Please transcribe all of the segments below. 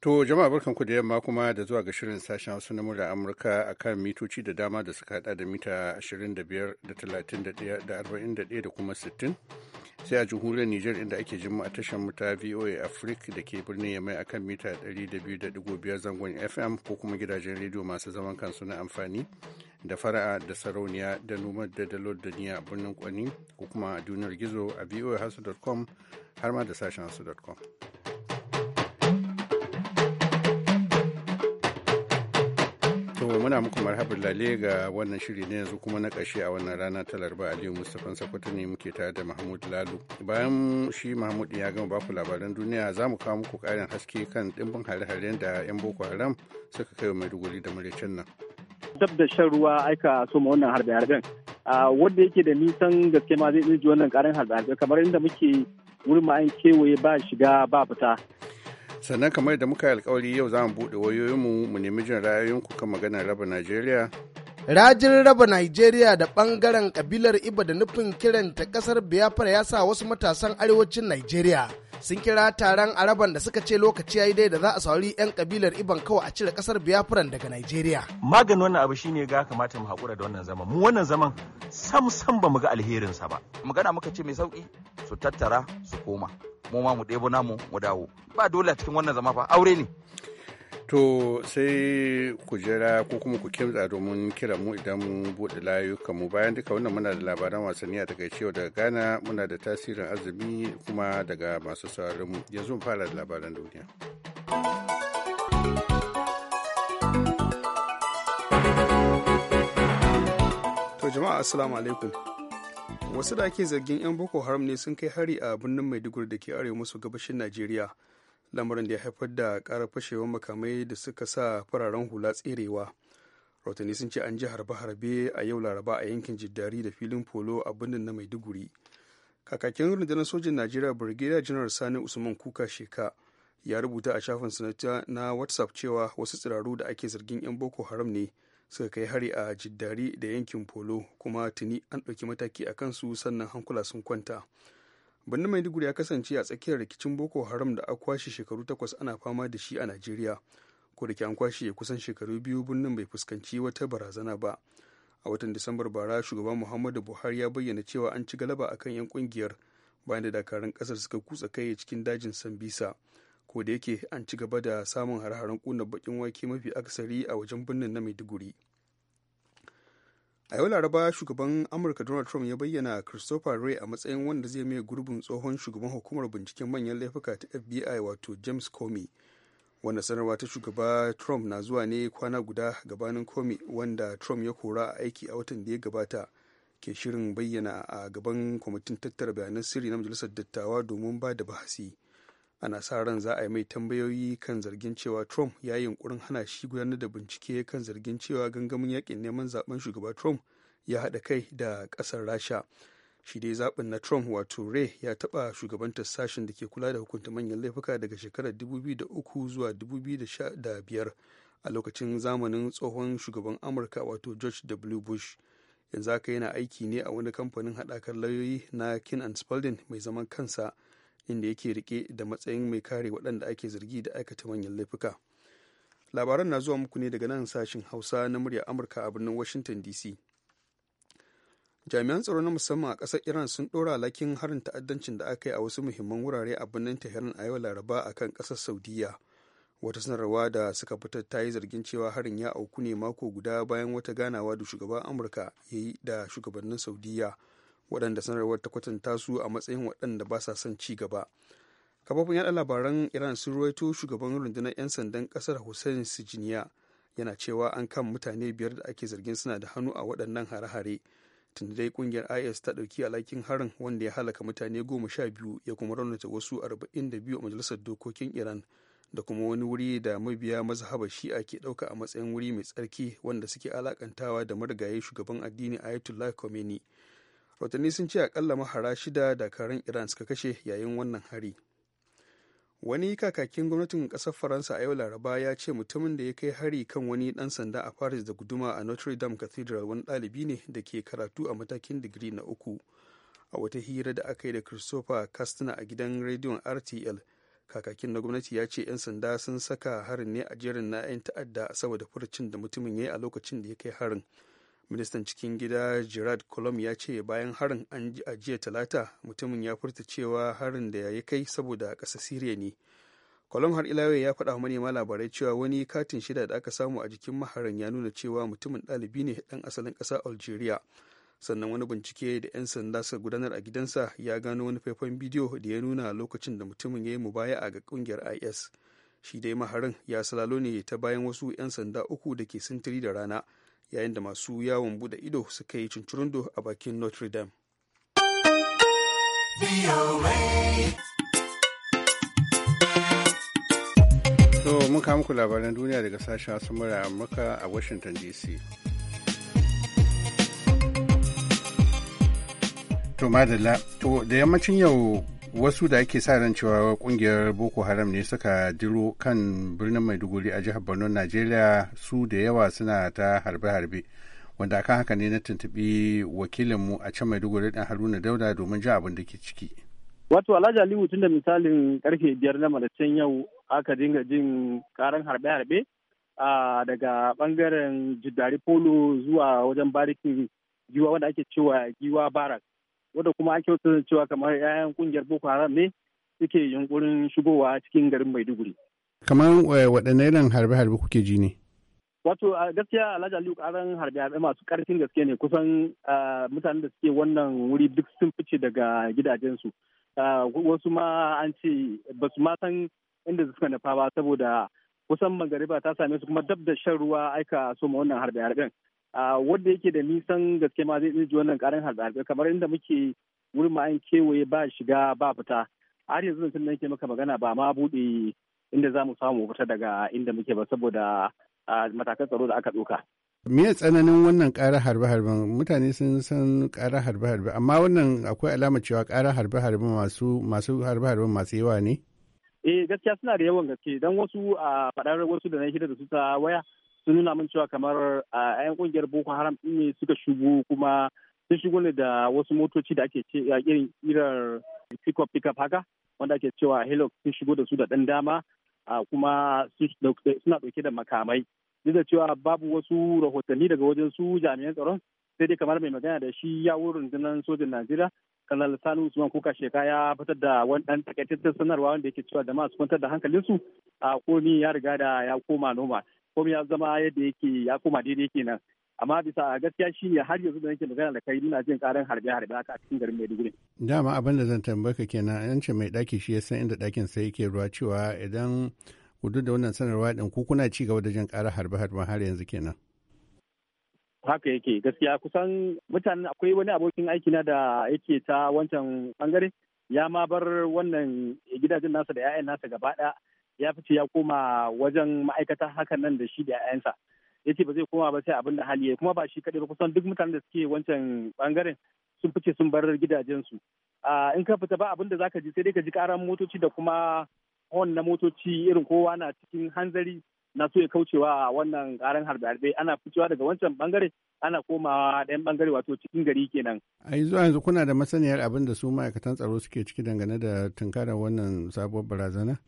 To jama'a barkan ku da yamma kuma da zuwa ga shirin sashen Hausa na murya Amurka a kan mitoci da dama da suka hada da mita 25 da 31 da 41 da kuma 60. Sai a jamhuriyar Nijar inda ake jin mu a tashar mu ta VOA Africa da ke birnin Yamai akan mita 200.5 zangon FM ko kuma gidajen rediyo masu zaman kansu na amfani da fara'a da sarauniya da noma da dalot da niya birnin kwani ko kuma a duniyar gizo a voahasu.com har ma da sashen hasu.com. muna muku marhabar lale ga wannan shiri ne yanzu kuma na ƙashe a wannan rana ta laraba aliyu mustapha sakwato ne muke tare da mahmud lalu bayan shi mahmud ya gama baku labaran duniya za mu kawo muku ƙarin haske kan ɗimbin hare-haren da 'yan boko haram suka kai wa maiduguri da maraicin nan dab da shan ruwa aika so ma wannan harbe-harben wanda yake da nisan gaske ma zai ji wannan ƙarin harbe-harben kamar inda muke wurin ma kewaye ba shiga ba fita sannan kamar da muka yi alkawari yau za mu buɗe wayoyinmu mu nemi jin ra'ayoyinku kan maganar raba najeriya rajin raba Najeriya da ɓangaren kabilar Iba da nufin kiranta ƙasar Biafra ya sa wasu matasan arewacin Najeriya sun kira taron araban da suka ce lokaci ya yi dai da za a sauri 'yan kabilar iban kawai a cire kasar Biyafuran daga nigeria maganin wannan abu shine ga kamata mu haƙura da wannan zaman mu wannan zaman sam sam ba mu ga alherinsa ba magana muka ce mai sauki su tattara su koma mu ma mu ɗebo namu mu dawo ba dole cikin wannan zama fa aure ne to sai ku jira ko kuma ku kimtsa domin kira mu idan mu buɗe layukan mu bayan duka wannan muna da labaran wasanni a cewa daga ghana muna da tasirin azumi kuma daga masu sauraron mu yanzu mu fara da labaran duniya to jama'a assalamu alaikum wasu da ake zargin 'yan boko haram ne sun kai hari a birnin maiduguri da ke arewa maso gabashin najeriya lamarin da ya haifar da karar fashewar makamai da suka sa fararen hula tserewa rautani sun ce an ji harbe-harbe a yau laraba a yankin jiddari da filin polo a birnin na maiduguri kakakin rundunar sojin najeriya brigadier general sani usman kuka sheka ya rubuta a shafin sanata na whatsapp cewa wasu tsiraru da ake zargin 'yan boko haram ne suka kai hari a jiddari da yankin polo kuma tuni an ɗauki mataki a kansu sannan hankula sun kwanta birnin maiduguri ya kasance a tsakiyar rikicin boko haram da a kwashe shekaru takwas ana fama da shi a najeriya ko da ke an kwashe kusan shekaru biyu birnin bai fuskanci wata barazana ba a watan disambar bara shugaban muhammadu buhari ya bayyana cewa an ci galaba akan 'yan kungiyar bayan da dakarun kasar suka kutsa kai cikin dajin sambisa ko da yake an ci gaba da samun har-haren kuna bakin wake mafi akasari a wajen birnin na maiduguri a yau laraba shugaban amurka donald trump ya bayyana christopher ray a matsayin wanda zai mai gurbin tsohon shugaban hukumar binciken manyan laifuka ta fbi wato james comey wanda sanarwa ta shugaba trump na zuwa ne kwana guda gabanin comey wanda trump ya kora a aiki a watan da ya gabata ke shirin bayyana a gaban kwamitin tattara bayanan sirri na majalisar dattawa domin ba da bahasi ana sa ran za a yi mai tambayoyi kan zargin cewa trump ya yi yunkurin hana shi gudanar da bincike kan zargin cewa gangamin yakin neman zaben shugaba trump ya haɗa kai da ƙasar rasha shi dai zaɓin na trump wato ray ya taɓa shugabantar sashen da ke kula da hukunta manyan laifuka daga shekarar 2003 zuwa 2015 a lokacin zamanin tsohon shugaban amurka wato george w bush yanzu haka yana aiki ne a wani kamfanin haɗakar lauyoyi na kin and spalding mai zaman kansa inda yake rike da matsayin mai kare waɗanda ake zargi da aikata manyan laifuka labaran na zuwa muku ne daga nan sashen hausa na murya amurka a birnin washington dc jami'an tsaro na musamman a ƙasar iran sun ɗora lakin harin ta'addancin da aka yi a wasu muhimman wurare a birnin tehran a yau laraba a kan ƙasar saudiyya wata sanarwa da suka fitar ta yi zargin cewa harin ya auku ne mako guda bayan wata ganawa da shugaban amurka ya yi da shugabannin saudiyya. waɗanda sanarwar ta kwatanta su a matsayin waɗanda ba sa son ci gaba kafofin yaɗa labaran iran sun ruwaito shugaban rundunar 'yan sandan ƙasar hussein sijiniya yana cewa an kan mutane biyar da ake zargin suna da hannu a waɗannan hare-hare tun dai kungiyar is ta ɗauki alhakin harin wanda ya halaka mutane goma sha biyu ya kuma raunata wasu arba'in da biyu a majalisar dokokin iran da kuma wani wuri da mabiya mazhaba shi'a ke ɗauka a matsayin wuri mai tsarki wanda suke alakantawa da marigayi shugaban addini ayatollah khomeini watanni sun ce akalla mahara shida da dakarun iran suka kashe yayin wannan hari wani kakakin gwamnatin kasar faransa a yau laraba ya ce mutumin da ya kai hari kan wani dan sanda a paris da guduma a notre dame cathedral wani dalibi ne da ke karatu a matakin digiri na uku a wata hira da aka yi da christopher castner a gidan rediyon rtl kakakin na gwamnati ya ce 'yan sanda sun saka harin ne a jerin na 'yan ta'adda saboda furucin da mutumin ya yi a lokacin da ya kai harin ministan cikin gida gerard colom ya ce bayan harin an a jiya talata mutumin ya furta cewa harin da ya yi kai saboda kasa siriya ne colom har ilawe ya faɗa wa manema labarai cewa wani katin shida da aka samu a jikin maharin ya nuna cewa mutumin ɗalibi ne ɗan asalin ƙasa algeria sannan wani bincike da 'yan sanda suka gudanar a gidansa ya gano wani faifan bidiyo da ya nuna lokacin da mutumin ya yi mubaya'a ga kungiyar is shi dai maharin ya salalo ne ta bayan wasu 'yan sanda uku da ke sintiri da rana yayin da masu yawon bude ido suka yi cincirindo a bakin notre dame so kama muku labaran duniya daga sashen wasu mura amurka a washington dc to madalla to da yammacin yau wasu da ake sa ran cewa kungiyar boko haram ne suka diro kan birnin maiduguri a jihar borno najeriya su da yawa suna ta harbe-harbe wanda akan haka ne na tuntuɓi wakilinmu a can maiduguri ɗan haruna dauda domin ji abin da ke ciki wato alhaji aliyu tun da misalin karfe biyar na can yau aka dinga jin karan harbe-harbe daga bangaren jidari polo zuwa wajen barikin giwa wanda ake cewa giwa barak wanda kuma ake wata cewa kamar 'ya'yan kungiyar boko haram ne suke yunkurin shigowa cikin garin maiduguri kamar eh, waɗanne irin harbe-harbe kuke ji ne wato a gaskiya alhaji aliyu karan harbe-harbe masu ƙarfin gaske ne kusan mutanen da suke wannan wuri duk sun fice daga gidajensu wasu ma an ce ba su ma san inda suka nufa ba saboda kusan magariba ta same su kuma dab da shan ruwa aika so ma wannan harbe-harben wanda yake da nisan gaske ma zai ji wannan karin harbe kamar inda muke wurin ma'an kewaye ba shiga ba fita har yanzu da da nake maka magana ba ma buɗe inda za mu samu fita daga inda muke ba saboda matakan tsaro da aka ɗauka. me tsananin wannan ƙara harbe harbe mutane sun san ƙara harbe-harbe amma wannan akwai alama cewa ƙara harbe-harbe masu masu harbe harbe masu yawa ne eh gaskiya suna da yawan gaske dan wasu a faɗar wasu da na hira da su ta waya sun nuna min cewa kamar a 'yan kungiyar boko haram din ne suka shigo kuma sun shigo ne da wasu motoci da ake ce irin irar pick up haka wanda ake cewa helok sun shigo da su da ɗan dama kuma suna ɗauke da makamai duk da cewa babu wasu rahotanni daga wajen su jami'an tsaron sai dai kamar mai magana da shi ya wurin rundunar sojin najeriya kanal sani usman kuka sheka ya fitar da wani ɗan takaitaccen sanarwa wanda yake cewa da masu kwantar da hankalinsu a ko ni ya riga da ya koma noma komai ya zama yadda yake ya koma daidai kenan amma bisa gaskiya shi ne har yanzu da nake magana da kai muna jin karan harbe harbe haka a cikin garin Maiduguri dama abin da zan ka kenan an ce mai daki shi ya san inda dakin sai yake ruwa cewa idan ku duk da wannan sanarwa din ku kuna ci gaba da jin karin harbe harbe har yanzu kenan haka yake gaskiya kusan mutanen akwai wani abokin aikina da yake ta wancan bangare ya ma bar wannan gidajen nasa da 'ya'yan nasa gaba ɗaya ya fice ya koma wajen ma'aikata hakan nan da shi da 'ya'yansa ya ce ba zai koma ba sai abin da hali ya kuma ba shi kadai ba kusan duk mutanen da suke wancan bangaren sun fice sun bar gidajensu in ka fita ba abin da zaka ji sai dai ka ji karan motoci da kuma hon na motoci irin kowa na cikin hanzari na so ya kaucewa wannan karan harbe-harbe ana ficewa daga wancan bangare ana komawa ɗayan bangare wato cikin gari kenan. a yanzu yanzu kuna da masaniyar abin da su ma'aikatan tsaro suke ciki dangane da tunkarar wannan sabuwar barazana?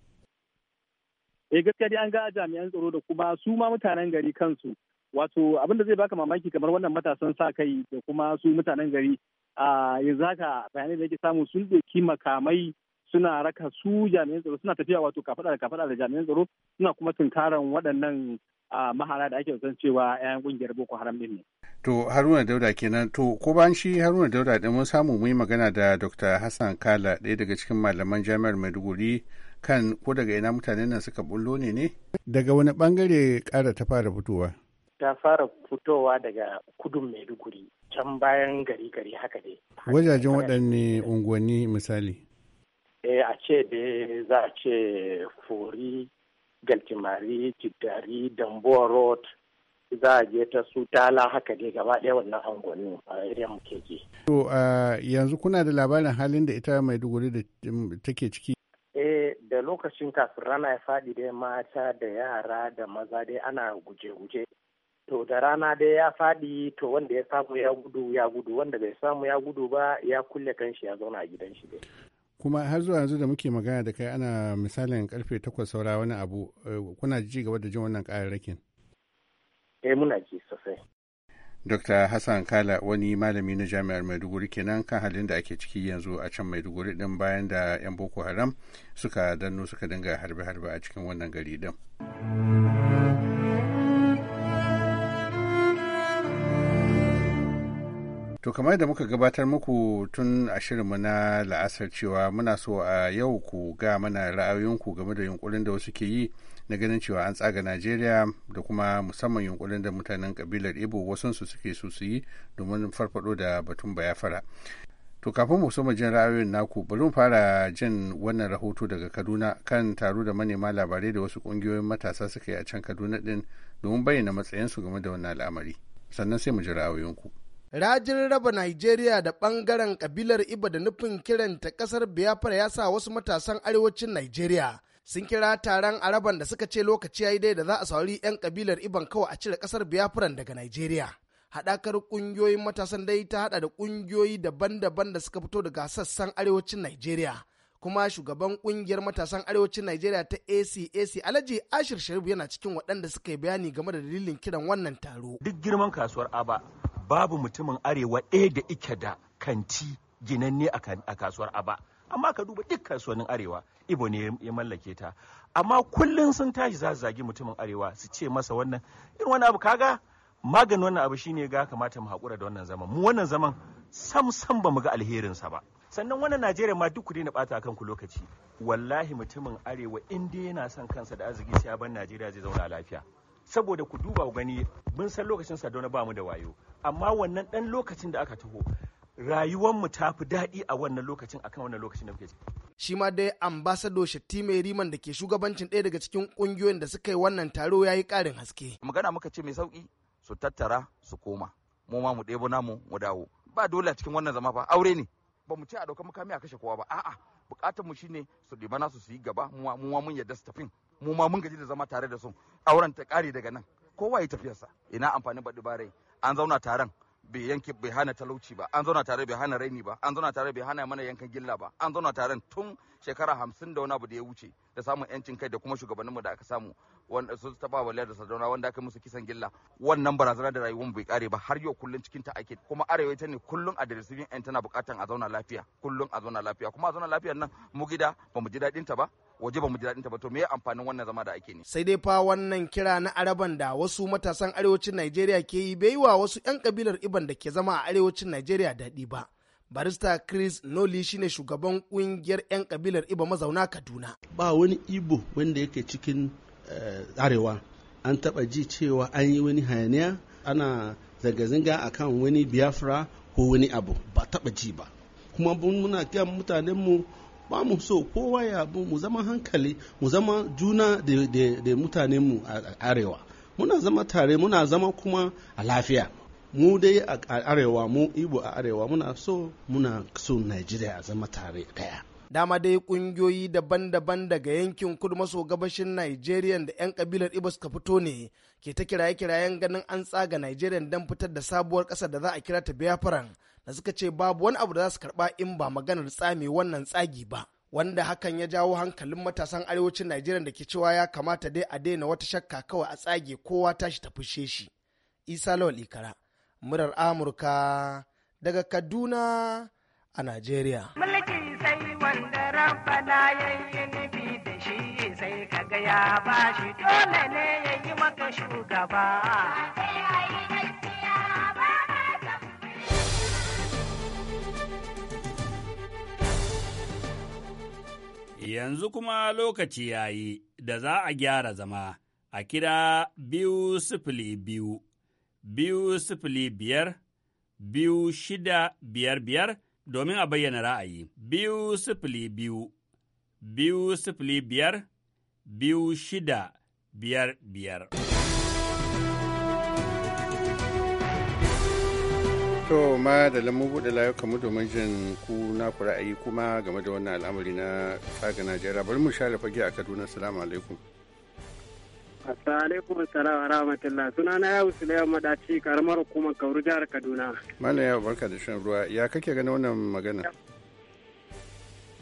eh gaskiya dai an ga jami'an tsaro da kuma su ma mutanen gari kansu wato abin da zai baka mamaki kamar wannan matasan sa kai da kuma su mutanen gari a yanzu haka bayanai da yake samu sun ɗauki makamai suna raka su jami'an tsaro suna tafiya wato kafaɗa da kafaɗa da jami'an tsaro suna kuma tunkaran waɗannan mahara da ake san cewa ƴan kungiyar boko haram din ne. To Haruna Dauda kenan to ko ban shi Haruna Dauda din mun samu mu yi magana da Dr. Hassan Kala ɗaya daga cikin malaman jami'ar Maiduguri kan ko daga ina mutanen nan suka bullo ne ne? Daga wani bangare kara ta fara fitowa? Ta fara fitowa daga kudun Maiduguri can bayan gari gari haka dai. Wajajen waɗanne unguwanni misali? Eh a ce dai za a ce fori, galtimari, jidari dambuwa road, za a je ta su tala haka dai gaba ɗaya wannan angonni a area muke ke. To yanzu kuna da labarin halin da ita Maiduguri da take ciki da lokacin kafin rana ya faɗi dai mata da yara da maza dai ana guje-guje to da rana dai ya faɗi to wanda ya samu ya gudu ya gudu wanda bai samu ya gudu ba ya kulle kanshi ya zauna a gidan shi dai kuma har zuwa yanzu da muke magana da kai ana misalin karfe takwas saura wani abu eh, kuna ji gaba da jin wannan rakin. eh muna ji sosai Dr. Hassan Kala wani malami na Jami'ar Maiduguri kenan kan halin da ake ciki yanzu a can Maiduguri din bayan da 'yan Boko Haram suka danno suka dinga harbe-harbe a cikin wannan gari din. To kamar da muka gabatar muku tun a shirinmu na la'asar cewa muna so a yau ku ga mana ra'ayoyinku game da yunkurin da wasu ke yi na ganin cewa an tsaga Najeriya da kuma musamman yunkurin da mutanen kabilar Ibo wasansu suke so su yi domin farfado da batun bayafara. To kafin mu so jin ra'ayoyin naku bari mu fara jin wannan rahoto daga Kaduna kan taro da manema labarai da wasu kungiyoyin matasa suka yi a can Kaduna din domin bayyana matsayinsu game da wannan al'amari. Sannan sai mu ji ra'ayoyinku. Rajin raba Najeriya da bangaren kabilar Iba da nufin kiranta ƙasar Biafra ya sa wasu matasan arewacin Najeriya sun kira taron araban da suka ce lokaci ya yi dai da za a saurari 'yan kabilar Iban kawai a cire kasar Biafra daga Najeriya. Haɗakar ƙungiyoyin matasan dai ta haɗa da ƙungiyoyi daban-daban da suka fito daga sassan arewacin Najeriya. kuma shugaban kungiyar matasan arewacin Najeriya ta ACAC Alhaji Ashir Sharibu yana cikin waɗanda suka yi bayani game da dalilin kiran wannan taro. Duk girman kasuwar Aba babu mutumin arewa ɗaya da ike da kanti ginanne a kasuwar Aba. Amma ka duba duk kasuwannin arewa Ibo ne ya mallake ta. Amma kullum sun tashi za su zagi mutumin arewa su ce masa wannan irin wani abu kaga maganin wannan abu shine ga kamata mu haƙura da wannan zaman mu wannan zaman sam sam ba mu ga alherinsa ba. sannan wannan najeriya ma duk ku daina bata kanku lokaci wallahi mutumin arewa in dai yana son kansa da arziki sai ban najeriya zai zauna lafiya saboda ku duba ku gani mun san lokacin sadona ba mu da wayo amma wannan dan lokacin da aka taho rayuwar mu ta fi daɗi a wannan lokacin akan wannan lokacin da muke ciki shi ma dai ambasado mai riman da ke shugabancin ɗaya daga cikin ƙungiyoyin da suka yi wannan taro ya yi ƙarin haske magana muka ce mai sauƙi su tattara su koma mu ma mu ɗebo namu mu dawo ba dole a cikin wannan zama fa aure ne ba mu ce a dauka makami a kashe kowa ba a'a bukatar mu shine su dima nasu su yi gaba mu ma mun yadda su tafin mu ma mun gaji da zama tare da su auren ta kare daga nan kowa ya tafiyarsa ina amfani ba bare an zauna taron bai yanke bai hana talauci ba an zauna tare bai hana raini ba an zauna tare bai hana mana yankan gilla ba an zauna tare tun shekara hamsin da wani abu da ya wuce da samun yancin kai da kuma shugabanninmu da aka samu wanda su taba waliyar da sardauna wanda aka musu kisan gilla wannan barazana da rayuwar bai kare ba har yau kullun cikin ta ake kuma arewa ita ne kullun a dirisibin yan tana bukatan a zauna lafiya kullun a zauna lafiya kuma a zauna lafiyar nan mu gida ba mu ji daɗin ta ba waje ba mu ji daɗin ta ba to me amfanin wannan zama da ake ne sai dai fa wannan kira na araban da wasu matasan arewacin Najeriya ke yi bai wa wasu 'yan kabilar Iban da ke zama a arewacin Najeriya daɗi ba barista chris noli shine shugaban kungiyar 'yan kabilar Iba mazauna kaduna ba wani ibo wanda yake cikin eh, arewa an taba ji cewa an yi wani hayaniya ana zanga-zanga akan wani biafra ko wani abu ba taba ji ba kuma muna kiyan mutanenmu ba mu so kowa ya mu zama hankali mu zama juna da mutanenmu a arewa muna zama tare muna zama kuma a lafiya mu dai a arewa mu ibo a arewa muna so muna so najeriya a zama tare daya Dama dai kungiyoyi daban-daban daga yankin kudu maso gabashin Nigeria da 'yan kabilar Ibo suka fito ne ke ta kiraye-kirayen ganin an tsaga Nigeria don fitar da sabuwar ƙasa da za a kira ta Biafran da suka ce babu wani abu da za su karɓa in ba maganar tsame wannan tsagi ba. wanda hakan ya jawo hankalin matasan arewacin nigeria da ke cewa ya kamata dai a daina wata shakka kawai a tsage kowa tashi ta fushe shi. Isa Lawal Ikara, murar Amurka daga Kaduna a Najeriya. Mulki sai rabbana yayi nufi da shi sai ka ga ya bashi dole ne yayi maka shugaba Yanzu kuma lokaci yayi da za a gyara zama a kira biyu sifili biyu, biyu sifili biyar, biyu shida biyar biyar domin a bayyana ra'ayi. Biyu sifili biyu, biyu sifili biyar, biyu shida biyar biyar. To ma da lamu buɗe layuka mu domin jin ku na ku ra'ayi kuma game da wannan al'amari na tsaga Najeriya bari mu share fage a Kaduna. salamu alaikum. Assalamu alaikum wa rahmatullah. Suna na yawu Suleiman Madaci karamar hukumar Kauru jihar Kaduna. mana yawu barka da shan ruwa. Ya kake gani wannan magana?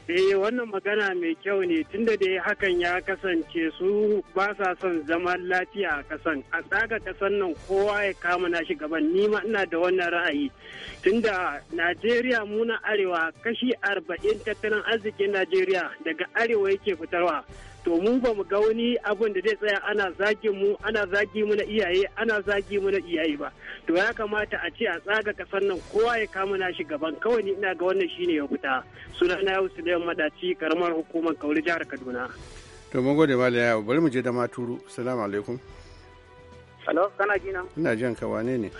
Eh wannan magana mai kyau ne tunda dai hakan ya kasance su ba sa son zaman lafiya a kasan. A tsaga kasan nan kowa ya kama na shi gaban ni ma ina da wannan ra'ayi. Tunda Najeriya muna arewa kashi arba'in tattalin arzikin Najeriya daga arewa yake fitarwa. to mu ba mu ga wani abin da zai tsaya ana zagin mu ana zagi mu na iyaye ana zagi mu na iyaye ba to ya kamata a ce a tsaga kasar nan kowa ya kama na shi gaban kawai ni ina ga wannan shine ya fita sunana ya wusu da madaci karamar hukumar kauri jihar kaduna to mun gode mallam yawo bari mu je da maturu assalamu alaikum hello kana gina ina jin ka wane ne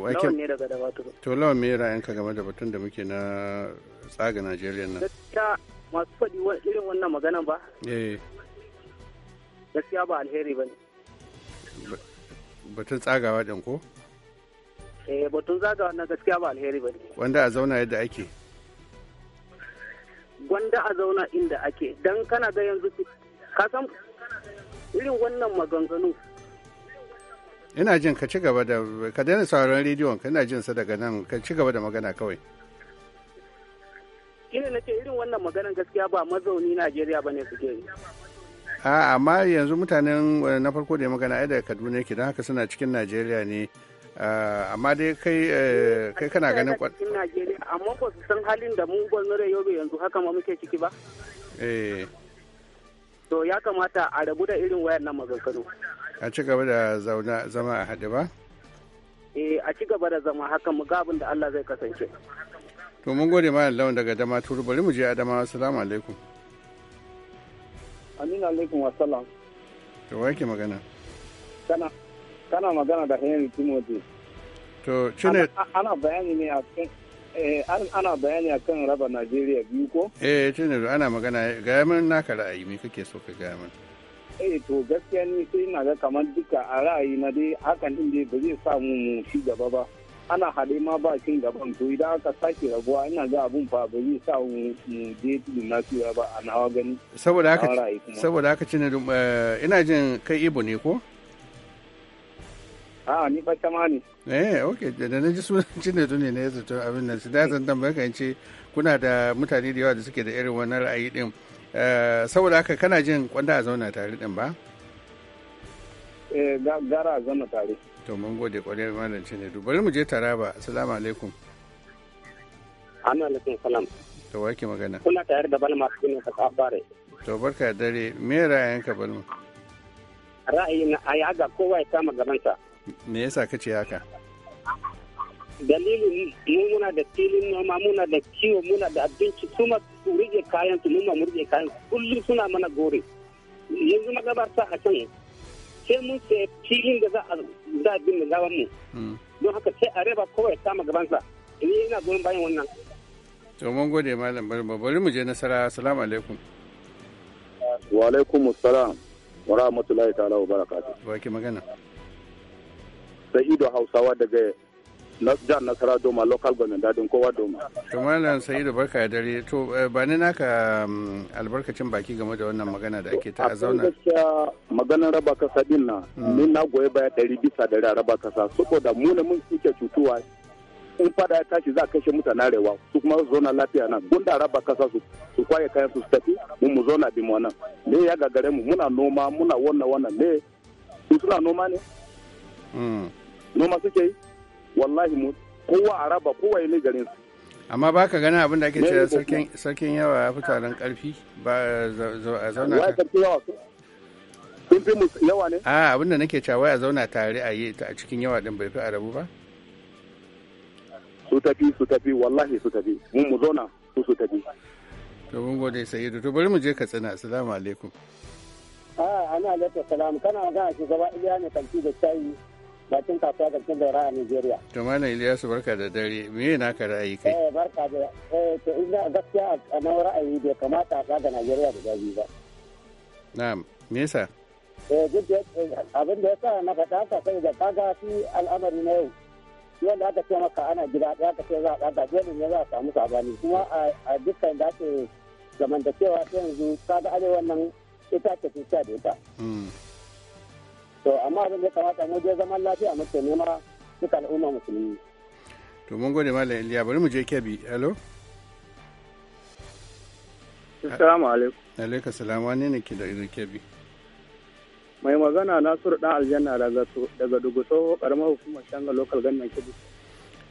lawan ne daga da maturu to lawan me ra'ayinka game da batun da muke na tsaga najeriya nan masu faɗi irin wannan magana ba eh. gaskiya ba alheri ba ne batun tsagawa ɗin ko? eh batun tsagawa na gaskiya ba alheri ba ne wanda a zauna yadda ake gwanda a zauna inda ake don kana ga yanzu ka san irin wannan maganganu ina jin ka ci gaba da ka daina sauran rediyon ka ina jin sa daga nan ka ci gaba da magana kawai shine ce irin wannan maganan gaskiya ba mazauni Najeriya ne suke yi a amma yanzu mutanen eh, na farko da ya magana ai daga Kaduna yake don haka suna cikin Najeriya ne amma dai kai eh, kai kana ganin kwat cikin Najeriya amma ba su san halin da mu gwamnati Yobe yanzu haka ma muke ciki ba eh to ya kamata a rabu da irin wayannan maganganu a ci gaba da zama a haɗe ba eh a ci gaba da zama haka mu ga abin da Allah zai kasance to mun gode ma lawan daga dama turu bari mu je adama assalamu alaikum amina alaikum wasalam to wa yake magana kana kana magana da henry timothy to cine ana bayani ne a kan eh, ana bayani a kan raba najeriya biyu ko eh cine ana magana ga yamin naka ra'ayi me kake so ka gaya min eh to gaskiya ni sai na ga kamar duka a ra'ayi na dai hakan din dai ba zai samu mu ci gaba ba ana hade ma ba cin gaban to idan aka sake rabuwa ina ga abun fa ba zai sa mu je tudun nasiya ba a nawa gani saboda haka saboda haka cin eh, ina jin kai ibo ne ko a ni ba ma ne eh okay da na ji sunan cin da ne ne zato abin nan da zan tambaye ka ce kuna da mutane da yawa da suke da irin wannan ra'ayi din eh, saboda haka kana jin kwanda a zauna tare din ba eh gara a zauna tare to mun gode kwarai malam Chinedu bari mu je Taraba assalamu alaikum alaikum salam to wake magana kuna tayar da balma ka bare to barka dare me ka balma na ayi haka kowa ya kama gabansa me yasa kace haka dalilin mu muna da filin noma muna da kiwo muna da abinci su ma rike kayan su mu ma mu rike kayan kullum suna mana gore yanzu magabarta a can sai mun ce filin da za a za bin da gawan mu mm. don haka sai a raba kawai kama gabansa ni ina goyon bayan wannan to mun gode malam mu bari mu je nasara assalamu alaikum wa alaikum assalam wa rahmatullahi ta'ala wa barakatuh baki magana ido hausawa daga jihar nasara doma local government dadin kowa doma to malam da barka ya dare to eh, ba ni naka mm, albarkacin baki game da wannan magana da ake ta zauna gaskiya maganar raba kasa din na mm. ni na goye baya ɗari bisa ɗari a raba kasa saboda mu ne mun suke cutuwa in fada ya tashi za a kashe mutane rewa su kuma su zauna lafiya nan gunda raba kasa su su kwaye kayan su tafi mu mu zauna bi mu nan me ya gagare mu muna noma muna wannan wannan me su suna noma ne mm. noma suke yi wallahi mu kowa a raba kowa ya garin su amma ba ka gani abin da ake cewa sarkin yawa ya fi taron karfi ba a zauna ta sun fi yawa ne a abin da nake cewa a zauna tare a yi a cikin yawa din bai fi a rabu ba su tafi su tafi wallahi su tafi mun mu zauna su su tafi to mun gode sai to bari mu je ka tsina assalamu alaikum a ah, ana alaikum salam kana shi shugaba iya ne kanti da shayi bakin kasuwa garkin daura a Nigeria. To Malam Iliyasu barka da dare me na ka ra'ayi kai? Eh barka da eh to ina gaskiya a nan ra'ayi bai kamata a tsaga nigeria da gaji ba. Na'am me yasa? Eh duk abin da yasa na faɗa ka sai da kaga shi al'amari na yau. da aka ce maka ana gida ɗaya ka ce za a ɗaga dole ne za a samu sabani kuma a dukkan da ake zamantakewa ta yanzu kaga arewa nan ita ce ta da ita. Hmm. to amma abin da ya kamata mu je zaman lafiya muke nema duka al'umma musulmi to mun gode malam Iliya bari mu je Kebbi hello Assalamu alaikum. Alaika salam wane ne ke da irin kebi? Mai magana Nasiru ɗan aljanna daga Duguso ƙaramar hukumar Shanga Local gannan Kebbi.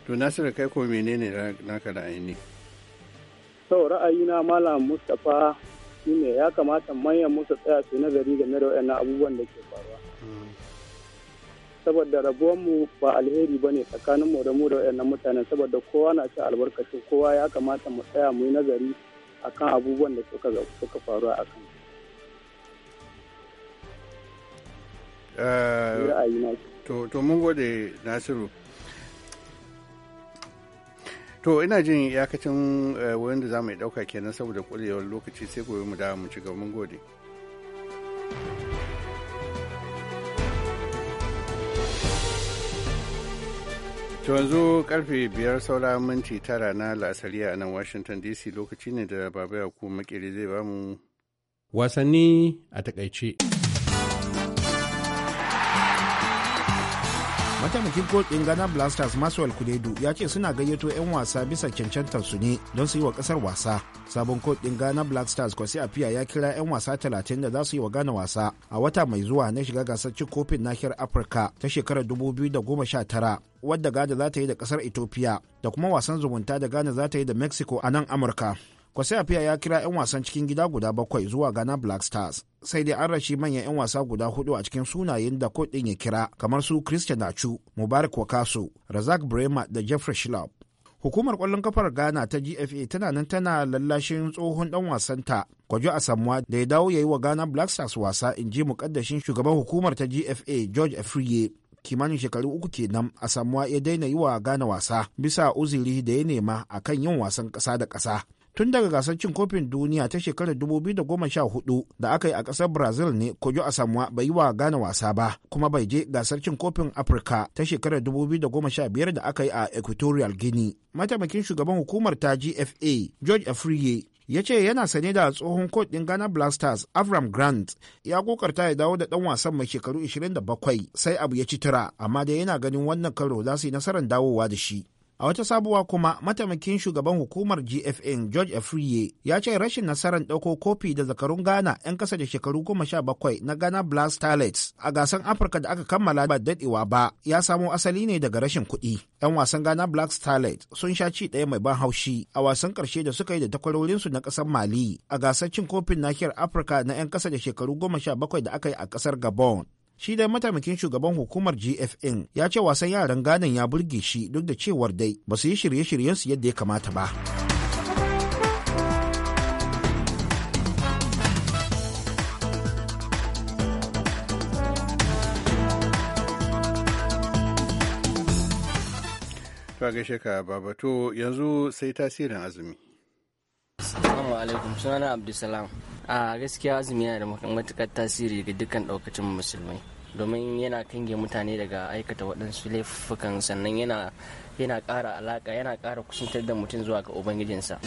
To Nasiru kai ko menene naka da aini To ra'ayina Malam Mustapha shine ya kamata manyan musu tsaya su nazari game da wayannan abubuwan da ke faruwa. saboda mu ba alheri ba ne tsakaninmu da mu da wayannan mutanen saboda kowa na cin albarkacin kowa ya kamata mu tsaya mu yi nazari akan abubuwan da suka suka faru a kan. Eh, to mun gode Nasiru. To ina jin iyakacin eh, wurin da za mu ɗauka kenan saboda ƙwarewar lokaci sai gobe mu dawo mu ci gaba mun gode. To yanzu karfe biyar saura minti tara na la'asari a nan Washington DC lokaci ne da baba ya ku makere zai bamu wasanni a takaice. mataimakin kotsin ghana blasters maxwell kudedu ya ce suna gayyato 'yan wasa bisa cancantar su ne don su yi wa kasar wasa sabon kotsin ghana blasters kwasi afiya ya kira 'yan wasa 30 da za su yi wa ghana wasa a wata mai zuwa na shiga gasar cin kofin nahiyar afirka ta shekarar da goma 2019 wadda ghana za ta yi da kasar ethiopia da kuma wasan zumunta da ghana za ta yi da mexico a nan amurka kwasai fiya ya kira 'yan wasan cikin gida guda bakwai zuwa ghana black stars sai dai an rashi manyan 'yan wasa guda hudu a cikin sunayen da kudin ya kira kamar su christian nachu mubarak wakaso razak bremer da jeffrey schlapp hukumar kwallon kafar ghana ta gfa tana nan tana lallashin tsohon dan wasanta kwajo a samuwa da ya dawo ya yi wa ghana black stars wasa in ji mukaddashin shugaban hukumar ta gfa george afriye kimanin shekaru uku kenan a samuwa ya daina yi wa ghana wasa bisa uziri da ya nema akan yin wasan kasa da kasa tun daga gasar cin kofin duniya ta shekarar 2014 da aka yi a ƙasar brazil ne a asamuwa bai yi wa gane wasa ba kuma bai je gasar cin kofin afirka ta shekarar 2015 da aka yi a equatorial guinea mataimakin shugaban hukumar ta gfa george afriye ya ce yana sane da tsohon kodin ghana blasters avram grant ya kokarta ya dawo da ɗan wasan mai shekaru 27 sai abu ya ci tura amma dai yana ganin wannan karo za su yi nasarar dawowa da shi A wata sabuwa kuma mataimakin shugaban hukumar GFN George Afriye ya ce rashin nasarar ɗauko kofi da zakarun Ghana 'yan ƙasa da shekaru goma sha bakwai na Ghana Blast Talents a gasar Afirka da aka kammala ba daɗewa ba ya samo asali ne daga rashin kuɗi. 'Yan wasan Ghana Black Starlet sun sha ci ɗaya mai ban haushi a wasan ƙarshe da suka yi da takwarorinsu na ƙasar Mali a gasar cin kofin nahiyar Afirka na 'yan kasa da shekaru goma sha bakwai da aka yi a ƙasar Gabon. shi dai mataimakin shugaban hukumar gfn ya ce wasan yaran ganin ya burge shi duk da cewar dai ba su yi shirye shiryen su yadda ya kamata ba Tuwa gaishe ka babato yanzu sai tasirin azumi. Assalamu alaikum sunana Abdulsalam. a gaskiya azumi yana da matukar tasiri ga dukkan daukacin musulmai domin yana kange mutane daga aikata waɗansu laifukan sannan yana yana ƙara alaƙa yana ƙara kusantar da mutum zuwa ga ubangijinsa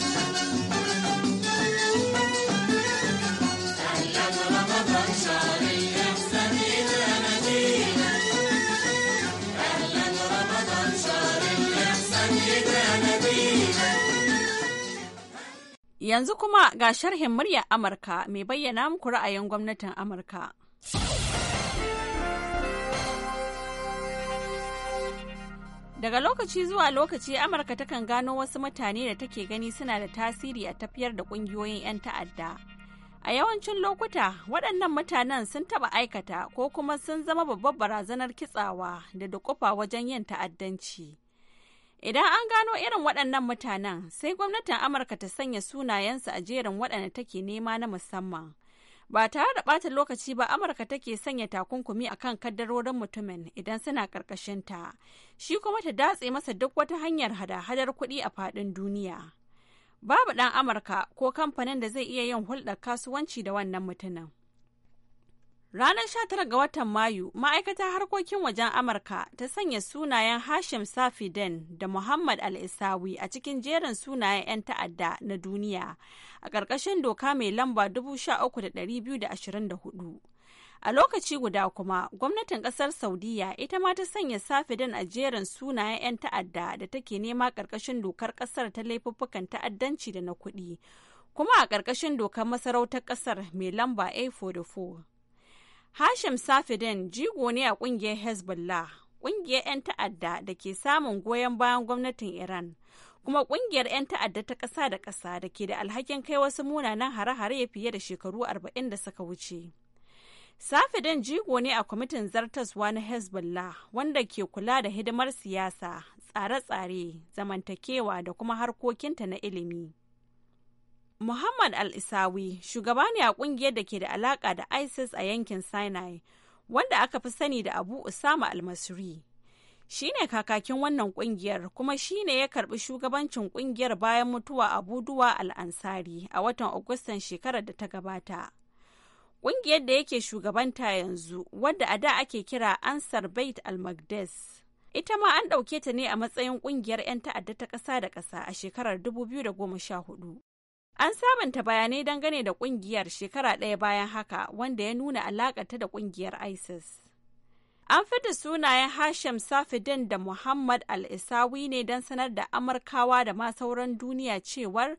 Yanzu kuma ga sharhin murya Amurka mai bayyana muku ra'ayin gwamnatin Amurka. Daga lokaci zuwa lokaci Amurka takan gano wasu mutane da take gani suna da tasiri a tafiyar da ƙungiyoyin 'yan ta'adda. A yawancin lokuta waɗannan mutanen sun taɓa aikata ko kuma sun zama babbar barazanar kitsawa da dukufa wajen yin ta'addanci. Idan an gano irin waɗannan mutanen, sai gwamnatin Amurka ta sanya sunayensu a jerin waɗanda take nema na musamman. Ba tare da ɓata lokaci ba Amurka take sanya takunkumi a kan kaddarorin mutumin idan suna ƙarƙashinta, shi kuma ta datse masa duk wata hanyar hada-hadar kuɗi a faɗin duniya. Babu ɗan Amurka ko kamfanin da zai iya yin hulɗar kasuwanci da wannan mutumin. Ranar 19 ga watan Mayu, ma'aikatar harkokin wajen Amurka ta sanya sunayen Hashim Safiden da Muhammad Al-Isawi a cikin jerin sunayen 'yan ta'adda na duniya a ƙarƙashin doka mai lamba 13,224. A lokaci guda kuma, gwamnatin ƙasar Saudiya ita ma ta sanya Safiden a jerin sunayen 'yan ta'adda da take nema ƙarƙashin dokar ƙasar ta laifuffukan ta'addanci da na kuɗi, kuma a ƙarƙashin dokar masarautar ƙasar mai lamba A44. Hashim Safidin jigo ne a ƙungiyar Hezbollah, ƙungiyar 'yan ta'adda da ke samun goyon bayan gwamnatin Iran, kuma ƙungiyar 'yan ta'adda ta ƙasa da ƙasa da ke da alhakin kai wasu munanan hare-hare fiye da shekaru arba'in da suka wuce. Safidin jigo ne a kwamitin zartaswa na Hezbollah wanda ke kula da hidimar siyasa, tsare-tsare, zamantakewa da kuma harkokinta na ilimi. Muhammad Al-Isawi shugaba ne a kungiyar da ke da alaka da ISIS a yankin Sinai, wanda aka fi sani da Abu Usama Al-Masri. Shi ne kakakin wannan kungiyar kuma shi ne ya karbi shugabancin kungiyar bayan mutuwa Abu Duwa Al-Ansari a watan Agustan shekarar da ta gabata. Kungiyar da yake shugabanta yanzu, wadda a da ake kira Ansar Bait Al-Magdes. ita ma an ɗauke ta ne a matsayin ƙungiyar 'yan ta'adda ta ƙasa da ƙasa a shekarar 2014. An sabunta bayanai dangane da kungiyar shekara ɗaya bayan haka wanda ya nuna ta da kungiyar ISIS. An fita sunayen Hashim Safidin da Muhammad Al-Isawi ne don sanar da Amurkawa da ma sauran duniya cewar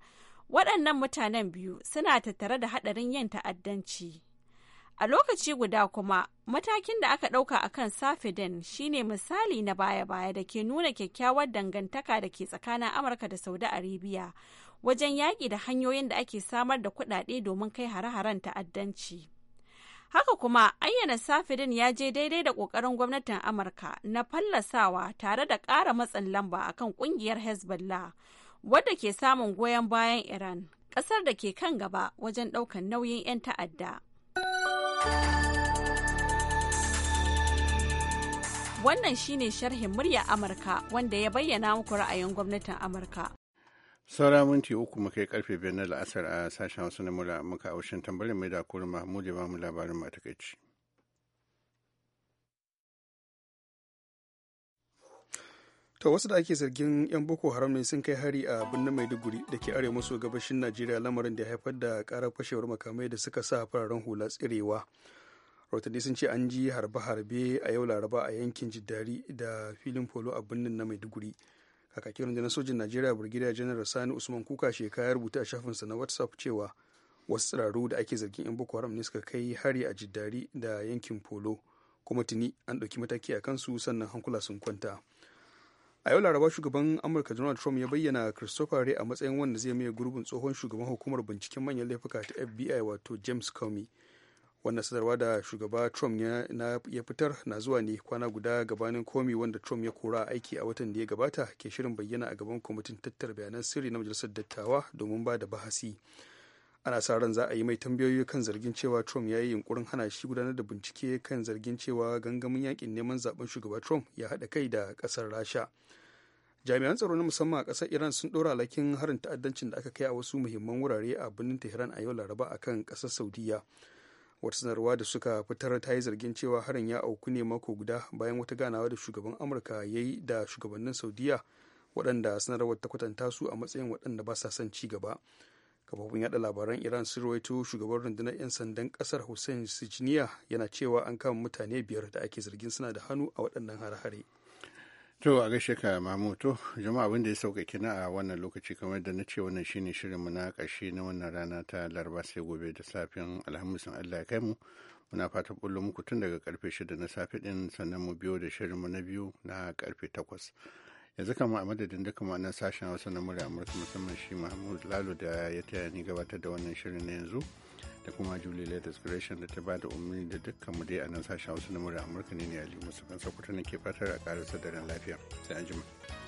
waɗannan mutanen biyu suna tattare da haɗarin yin ta'addanci. A lokaci guda kuma, matakin da aka ɗauka a kan Safidin shine misali na baya-baya da ke nuna kyakkyawar dangantaka da ke tsakanin Amurka da Saudi Arabia. wajen yaƙi da hanyoyin da ake samar da kuɗaɗe domin kai hare-haren ta'addanci. Haka kuma ayyana Safidin ya je daidai da ƙoƙarin gwamnatin Amurka na fallasawa tare da ƙara matsin lamba a kan ƙungiyar Hezbollah wadda ke samun goyon bayan Iran, ƙasar da ke kan gaba wajen ɗaukan nauyin 'yan ta'adda. Wannan shine sharhin murya Amurka wanda ya bayyana muku ra'ayin gwamnatin Amurka. saura minti uku mu kai karfe biyar na la'asar a sashen wasu na mula muka aushin tambarin mai da kurin mahmud ya ba mu labarin matakaici to wasu da ake zargin 'yan boko haram ne sun kai hari a birnin maiduguri da ke arewa maso gabashin najeriya lamarin da ya haifar da karar fashewar makamai da suka sa fararen hula tsirewa rahotanni sun ce an ji harbe-harbe a yau laraba a yankin jidari da filin folo a birnin na maiduguri a da na sojin najeriya brigadier janar sani usman kuka shi ya rubuta a shafinsa na whatsapp cewa wasu tsiraru da ake zargin yan boko haram ne suka kai hari a jiddari da yankin polo kuma tuni an ɗauki mataki a kansu sannan hankula sun kwanta a yau laraba shugaban amurka donald trump ya bayyana christopher ray a matsayin wanda zai maye gurbin tsohon shugaban hukumar binciken manyan laifuka ta fbi wato james comey wannan sadarwa da shugaba trump ya fitar na zuwa ne kwana guda gabanin komi wanda trump ya kora aiki a watan da ya gabata ke shirin bayyana a gaban kwamitin tattara bayanan sirri na majalisar dattawa domin ba da bahasi ana sa ran za a yi mai tambayoyi kan zargin cewa trump ya yi yunkurin hana shi gudanar da bincike kan zargin cewa gangamin yakin neman zaben shugaba trump ya haɗa kai da ƙasar rasha jami'an tsaro na musamman a ƙasar iran sun ɗora alhakin harin ta'addancin da aka kai a wasu muhimman wurare a birnin tehran a yau laraba akan kan ƙasar saudiya wata sanarwa da suka fitar ta yi zargin cewa harin ya auku ne mako guda bayan wata ganawa da shugaban amurka ya yi da shugabannin saudiya waɗanda sanarwar ta kwatanta su a matsayin waɗanda ba sa son ci gaba kafofin yada labaran iran sun rawaito shugaban rundunar 'yan sandan ƙasar hussein sijiniya yana cewa an kama mutane biyar da ake zargin suna da hannu a waɗannan hare-hare To a gaishe ka mamuto jama'a abin da ya sauka kina a wannan lokaci kamar da na ce wannan shine shirinmu na ƙarshe na wannan rana ta laraba sai gobe da safin alhamisin Allah ya kai mu muna fata bullo muku tun daga karfe shida na safe din sannan mu biyo da shirinmu na biyu na karfe takwas yanzu kama a madadin duka ma'anar sashen wasu na murya amurka musamman shi mahmud lalo da ya taya ni gabatar da wannan shirin na yanzu da kuma Julie la Gresham da ta ba da umarni da dukkan mu dai a nan sashen wasu na Amurka ne ne a Musa kan sakwata ne ke fatar a karar sadarin lafiya. Sai an jima.